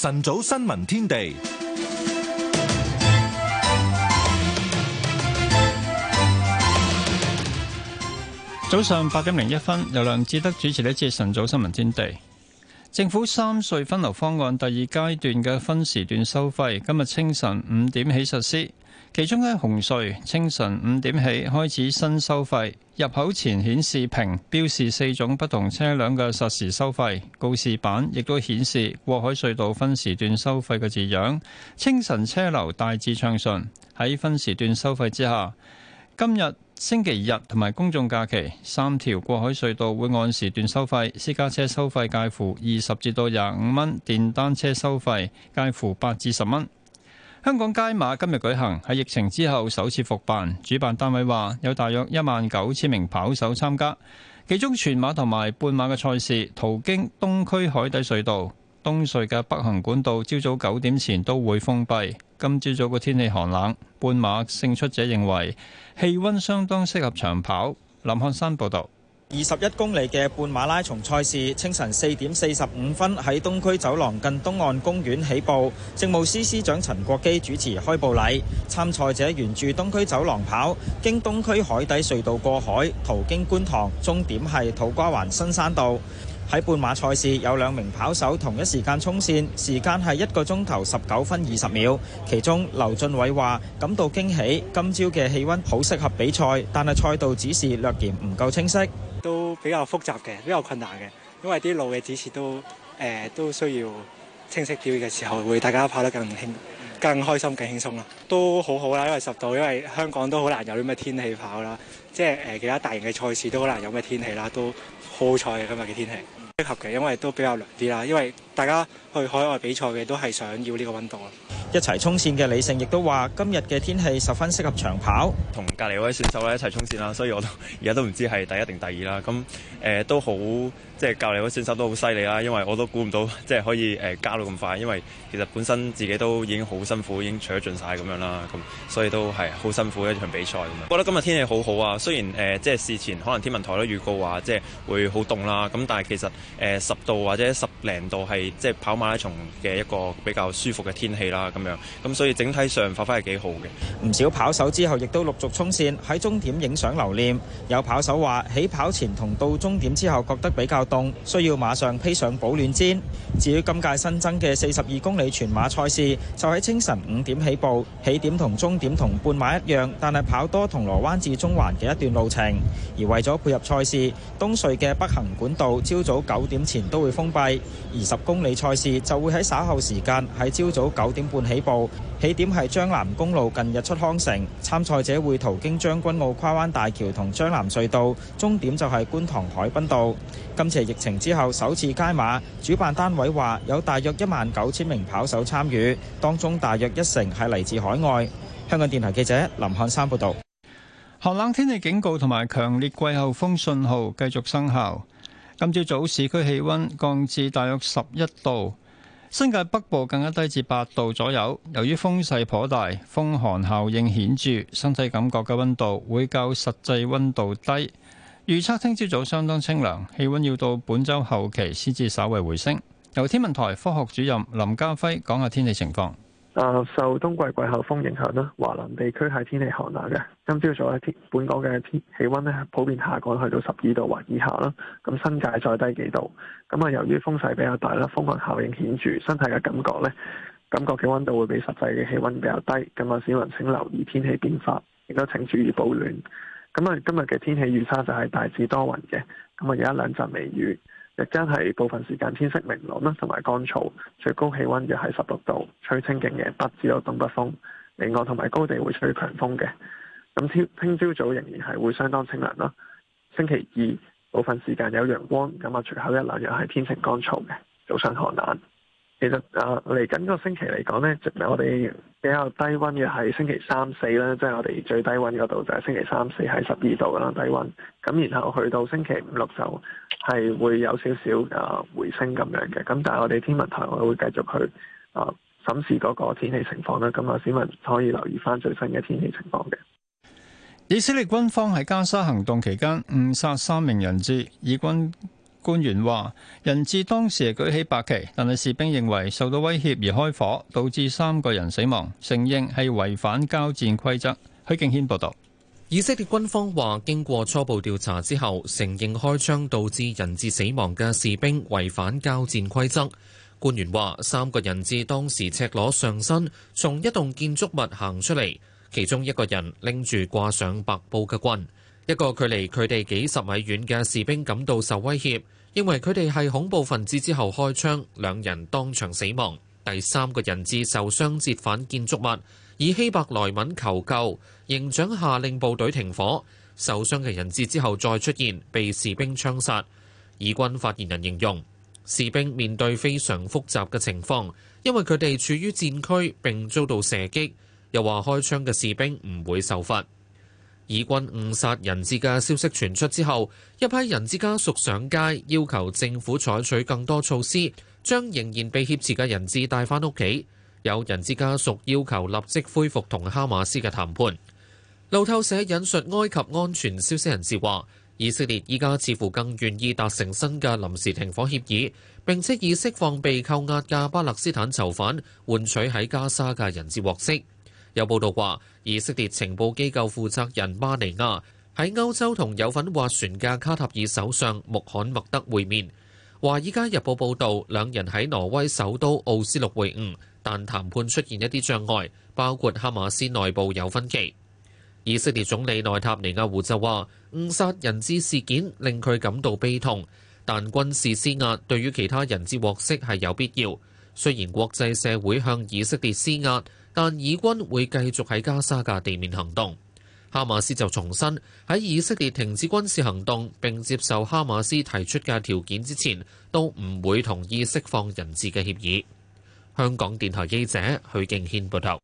晨早新聞天地，早上八點零一分，由梁志德主持呢一節晨早新聞天地。政府三隧分流方案第二階段嘅分時段收費，今日清晨五點起實施。其中喺紅隧清晨五點起開始新收費，入口前顯示屏標示四種不同車輛嘅實時收費，告示板亦都顯示過海隧道分時段收費嘅字樣。清晨車流大致暢順，喺分時段收費之下，今日星期日同埋公眾假期，三條過海隧道會按時段收費，私家車收費介乎二十至到廿五蚊，電單車收費介乎八至十蚊。香港街馬今日舉行，喺疫情之後首次復辦。主辦單位話，有大約一萬九千名跑手參加，其中全馬同埋半馬嘅賽事，途經東區海底隧道、東隧嘅北行管道，朝早九點前都會封閉。今朝早嘅天氣寒冷，半馬勝出者認為氣溫相當適合長跑。林漢山報道。二十一公里嘅半馬拉松賽事，清晨四點四十五分喺東區走廊近東岸公園起步。政務司司長陳國基主持開步禮。參賽者沿住東區走廊跑，經東區海底隧道過海，途經觀塘，終點係土瓜灣新山道。喺半馬賽事有兩名跑手同一時間衝線，時間係一個鐘頭十九分二十秒。其中劉俊偉話感到驚喜，今朝嘅氣溫好適合比賽，但係賽道指示略嫌唔夠清晰。都比較複雜嘅，比較困難嘅，因為啲路嘅指示都誒、呃、都需要清晰啲嘅時候，會大家跑得更輕、更開心、更輕鬆啦。都好好啦，因為十度，因為香港都好難有啲咩天氣跑啦。即係誒、呃，其他大型嘅賽事都好難有咩天氣啦，都好彩嘅今日嘅天氣，適合嘅，因為都比較涼啲啦。因為大家去海外比賽嘅都係想要呢個溫度咯。一齊衝線嘅李勝亦都話：今日嘅天氣十分適合長跑，同隔離嗰位選手咧一齊衝線啦，所以我都而家都唔知係第一定第二啦。咁誒、呃、都好，即係隔離嗰位選手都好犀利啦，因為我都估唔到即係可以誒、呃、加到咁快，因為其實本身自己都已經好辛苦，已經取盡晒咁樣啦。咁所以都係好辛苦一場比賽咁啊！我覺得今日天，天氣好好啊，雖然誒、呃、即係事前可能天文台都預告話即係會好凍啦，咁但係其實誒、呃、十度或者十零度係即係跑馬拉松嘅一個比較舒服嘅天氣啦。咁所以整體上發揮係幾好嘅。唔少跑手之後亦都陸續衝線，喺終點影相留念。有跑手話起跑前同到終點之後覺得比較凍，需要馬上披上保暖氈。至於今屆新增嘅四十二公里全馬賽事，就喺清晨五點起步，起點同終點同半馬一樣，但係跑多銅鑼灣至中環嘅一段路程。而為咗配合賽事，東隧嘅北行管道朝早九點前都會封閉。而十公里賽事就會喺稍後時間喺朝早九點半。起步，起點係將南公路近日出康城，參賽者會途經將軍澳跨灣大橋同將南隧道，終點就係觀塘海濱道。今次疫情之後首次街馬，主辦單位話有大約一萬九千名跑手參與，當中大約一成係嚟自海外。香港電台記者林漢山報導。寒冷天氣警告同埋強烈季候風信號繼續生效。今朝早市區氣温降至大約十一度。新界北部更加低至八度左右，由於風勢頗大，風寒效應顯著，身體感覺嘅温度會較實際温度低。預測聽朝早，早相當清涼，氣温要到本周後期先至稍為回升。由天文台科學主任林家輝講下天氣情況。啊！受冬季季候風影響啦，華南地區係天氣寒冷嘅。今朝早喺天，本港嘅天氣温呢，普遍下降，去到十二度或以下啦。咁新界再低幾度。咁啊，由於風勢比較大啦，風寒效應顯著，身體嘅感覺呢感覺嘅温度會比實際嘅氣温比較低。咁啊，市民請留意天氣變化，亦都請注意保暖。咁啊，今日嘅天氣預測就係大致多雲嘅。咁啊，有一兩陣微雨。日間係部分時間天色明朗啦，同埋乾燥，最高氣温約係十六度，吹清勁嘅北至東北風，另外同埋高地會吹強風嘅。咁聽朝早仍然係會相當清涼啦。星期二部分時間有陽光，咁啊，出口一兩日又係天晴乾燥嘅，早上寒冷。其實啊，嚟緊個星期嚟講咧，即係我哋比較低溫嘅係星期三四啦，即係我哋最低溫嗰度就係星期三四係十二度嘅啦，低溫。咁然後去到星期五六就係會有少少啊回升咁樣嘅。咁但係我哋天文台我哋會繼續去啊審視嗰個天氣情況啦。咁啊，市民可以留意翻最新嘅天氣情況嘅。以色列軍方喺加沙行動期間誤殺三名人質，以軍。官員話，人質當時係舉起白旗，但係士兵認為受到威脅而開火，導致三個人死亡，承認係違反交戰規則。許敬軒報導。以色列軍方話，經過初步調查之後，承認開槍導致人質死亡嘅士兵違反交戰規則。官員話，三個人質當時赤裸上身，從一棟建築物行出嚟，其中一個人拎住掛上白布嘅棍。一個距離佢哋幾十米遠嘅士兵感到受威脅，認為佢哋係恐怖分子之後開槍，兩人當場死亡。第三個人質受傷折返建築物，以希伯來文求救。營長下令部隊停火。受傷嘅人質之後再出現，被士兵槍殺。以軍發言人形容，士兵面對非常複雜嘅情況，因為佢哋處於戰區並遭到射擊。又話開槍嘅士兵唔會受罰。以軍誤殺人質嘅消息傳出之後，一批人質家屬上街要求政府採取更多措施，將仍然被挾持嘅人質帶翻屋企。有人質家屬要求立即恢復同哈馬斯嘅談判。路透社引述埃及安全消息人士話，以色列依家似乎更願意達成新嘅臨時停火協議，並且以釋放被扣押嘅巴勒斯坦囚犯，換取喺加沙嘅人質獲釋。有報道話，以色列情報機構負責人巴尼亞喺歐洲同有份斡旋嘅卡塔爾首相穆罕默德會面。《華爾街日報》報導，兩人喺挪威首都奧斯陸會晤，但談判出現一啲障礙，包括哈馬斯內部有分歧。以色列總理內塔尼亞胡就話，誤殺人質事件令佢感到悲痛，但軍事施壓對於其他人質獲釋係有必要。雖然國際社會向以色列施壓，但以軍會繼續喺加沙嘅地面行動，哈馬斯就重申喺以色列停止軍事行動並接受哈馬斯提出嘅條件之前，都唔會同意釋放人質嘅協議。香港電台記者許敬軒報道。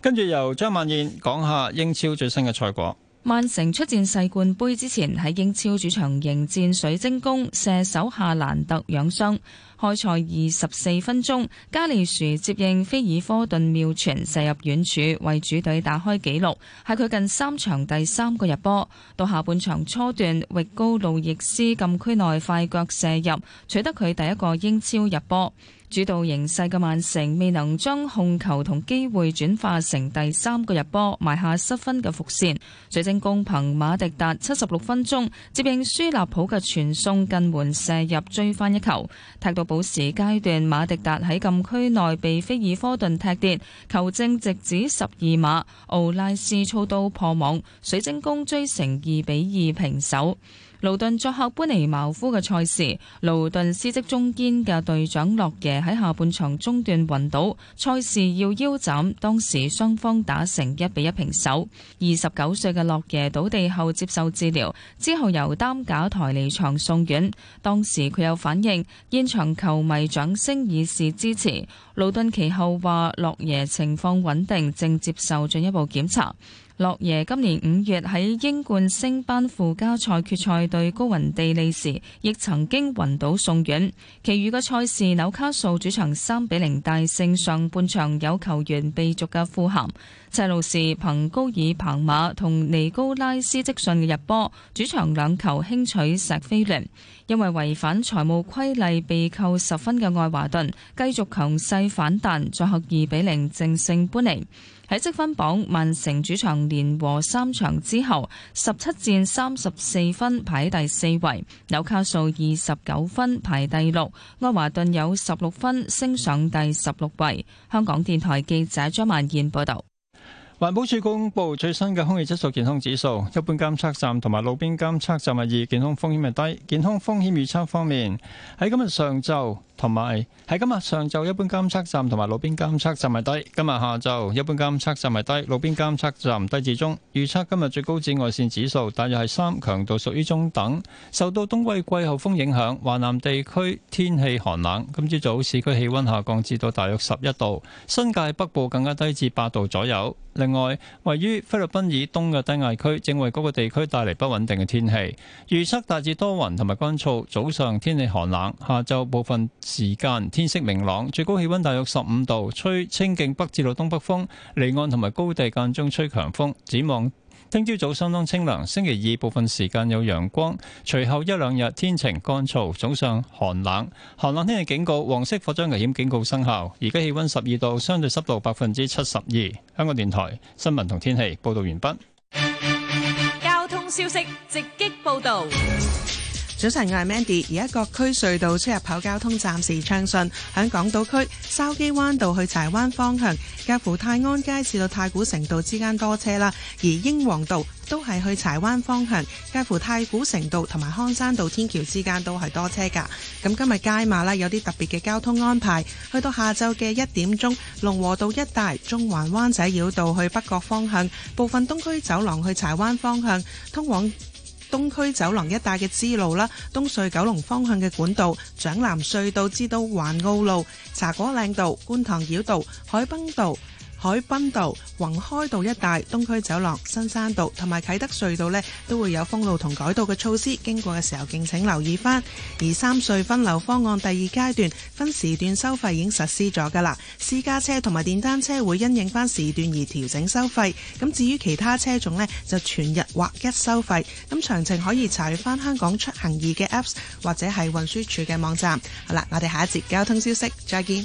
跟住由張萬燕講下英超最新嘅賽果。曼城出戰世冠杯之前，喺英超主場迎戰水晶宮。射手夏蘭特養傷，開賽二十四分鐘，加利殊接應菲爾科頓妙傳射入遠處，為主隊打開紀錄，係佢近三場第三個入波。到下半場初段，域高路易斯禁區內快腳射入，取得佢第一個英超入波。主導形勢嘅曼城未能將控球同機會轉化成第三個入波，埋下失分嘅伏線。水晶宮憑馬迪達七十六分鐘接應舒納普嘅傳送近門射入追翻一球。踢到補時階段，馬迪達喺禁區內被菲爾科頓踢跌，球證直指十二碼，奧拉斯操刀破網，水晶宮追成二比二平手。勞頓作客搬尼茅夫嘅賽事，勞頓司職中堅嘅隊長洛耶喺下半場中段暈倒，賽事要腰斬，當時雙方打成一比一平手。二十九歲嘅洛耶倒地後接受治療，之後由擔架抬離場送院，當時佢有反應，現場球迷掌聲以示支持。勞頓其後話，洛耶情況穩定，正接受進一步檢查。洛爺今年五月喺英冠升班附加賽決賽對高雲地利時，亦曾經暈倒送院。其餘嘅賽事，紐卡素主場三比零大勝，上半場有球員被逐嘅富咸。車路士憑高爾彭馬同尼高拉斯積遜嘅入波，主場兩球輕取錫菲聯。因為違反財務規例被扣十分嘅愛華頓，繼續強勢反彈，再合二比零正勝般尼。喺積分榜，曼城主場連和三場之後，十七戰三十四分排第四位；紐卡素二十九分排第六；愛華頓有十六分升上第十六位。香港電台記者張曼燕報道。環保署公布最新嘅空氣質素健康指數，一般監測站同埋路邊監測站係二，健康風險係低。健康風險預測方面，喺今日上晝。同埋喺今日上晝，一般監測站同埋路邊監測站係低；今日下晝，一般監測站係低，路邊監測站低至中。預測今日最高紫外線指數大約係三，強度屬於中等。受到冬季季候風影響，華南地區天氣寒冷。今朝早，早市區氣溫下降至到大約十一度，新界北部更加低至八度左右。另外，位於菲律賓以東嘅低壓區正為嗰個地區帶嚟不穩定嘅天氣。預測大致多雲同埋乾燥，早上天氣寒冷，下晝部分時間天色明朗，最高氣溫大約十五度，吹清勁北至到東北風，離岸同埋高地間中吹強風。展望聽朝早相當清涼，星期二部分時間有陽光，隨後一兩日天晴乾燥，早上寒冷。寒冷天氣警告、黃色火災危險警告生效。而家氣溫十二度，相對濕度百分之七十二。香港電台新聞同天氣報道完畢。交通消息直擊報道。早晨，我係 Mandy。而家各區隧道出入口交通暫時暢順。喺港島區筲箕灣道去柴灣方向，介乎泰安街至到太古城道之間多車啦。而英皇道都係去柴灣方向，介乎太古城道同埋康山道天橋之間都係多車㗎。咁今日街碼咧有啲特別嘅交通安排。去到下晝嘅一點鐘，龍和道一帶、中環灣仔繞道去北角方向，部分東區走廊去柴灣方向通往。東區走廊一帶嘅支路啦，東隧九龍方向嘅管道、長南隧道至到環澳路、茶果嶺道、觀塘繞道、海濱道。海濱道、宏開道一帶、東區走廊、新山道同埋啟德隧道呢，都會有封路同改道嘅措施。經過嘅時候，敬請留意翻。而三隧分流方案第二階段分時段收費已經實施咗噶啦。私家車同埋電單車會因應翻時段而調整收費。咁至於其他車種呢，就全日劃一收費。咁詳情可以查閱翻香港出行易嘅 apps 或者係運輸署嘅網站。好啦，我哋下一節交通消息再見。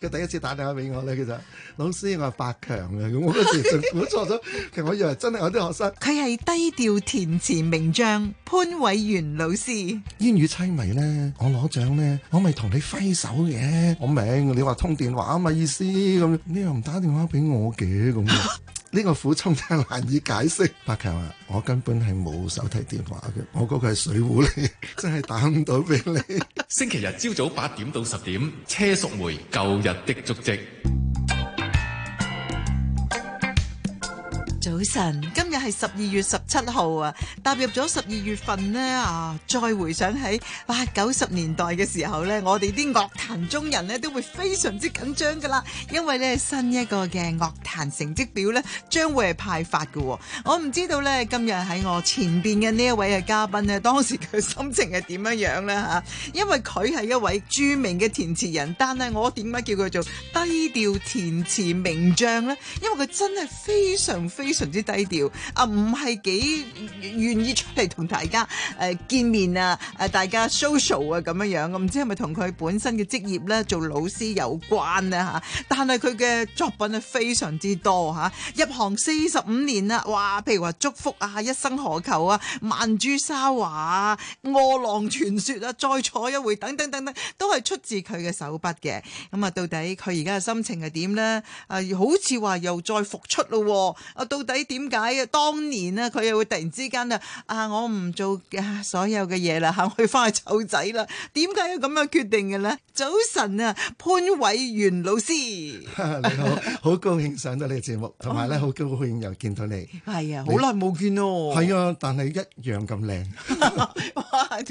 佢第一次打電話俾我咧，其實老師，我係白強嘅，我嗰時仲估錯咗， 其實我以為真係有啲學生。佢係低調填詞名將潘偉源老師。煙雨淒迷咧，我攞獎咧，我咪同你揮手嘅，我明。你話通電話啊嘛意思咁，你又唔打電話俾我嘅咁。 呢個苦衷真係難以解釋。白強話，我根本係冇手提電話嘅，我嗰個係水壺嚟，真係打唔到俾你。星期日朝早八點到十點，車淑梅舊日的足跡。早晨。係十二月十七號啊，踏入咗十二月份呢。啊，再回想喺八九十年代嘅時候呢，我哋啲樂壇中人呢都會非常之緊張噶啦，因為呢新一個嘅樂壇成績表呢將會係派發嘅、啊。我唔知道呢今日喺我前邊嘅呢一位嘅嘉賓呢，當時佢心情係點樣樣呢？吓、啊？因為佢係一位著名嘅填詞人，但係我點解叫佢做低調填詞名將呢？因為佢真係非常非常之低調。啊，唔係幾願意出嚟同大家誒、呃、見面啊！誒，大家 social 啊咁樣樣，我唔知係咪同佢本身嘅職業咧做老師有關咧、啊、吓、啊，但係佢嘅作品啊非常之多吓、啊，入行四十五年啦，哇、啊！譬如話祝福啊，一生何求啊，曼珠沙華啊，餓狼傳說啊，再錯一回等等等等，都係出自佢嘅手筆嘅。咁啊，到底佢而家嘅心情係點咧？啊，好似話又再復出咯啊，啊，到底點解？多當年咧，佢又會突然之間咧，啊，我唔做嘅所有嘅嘢啦，行去翻去湊仔啦。點解要咁樣決定嘅咧？早晨啊，潘偉源老師，你好，好高興上到你嘅節目，同埋咧好高興又見到你。係啊，好耐冇見哦。係啊，但係一樣咁靚。哇，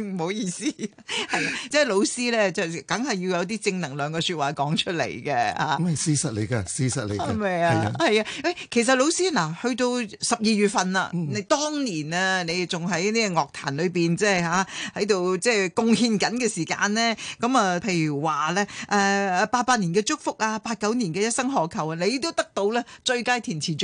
唔好意思，係啊，即係老師咧，就梗係要有啲正能量嘅說話講出嚟嘅。咁係事實嚟嘅，事實嚟嘅。係咪啊？係啊，誒，其實老師嗱，去到十二月。月份啦，你當年、就是、啊，你仲喺呢個樂壇裏邊，即係吓喺度即係貢獻緊嘅時間咧，咁、嗯、啊，譬如話咧，誒誒八八年嘅祝福啊，八九年嘅一生何求啊，你都得到咧最佳填詞獎。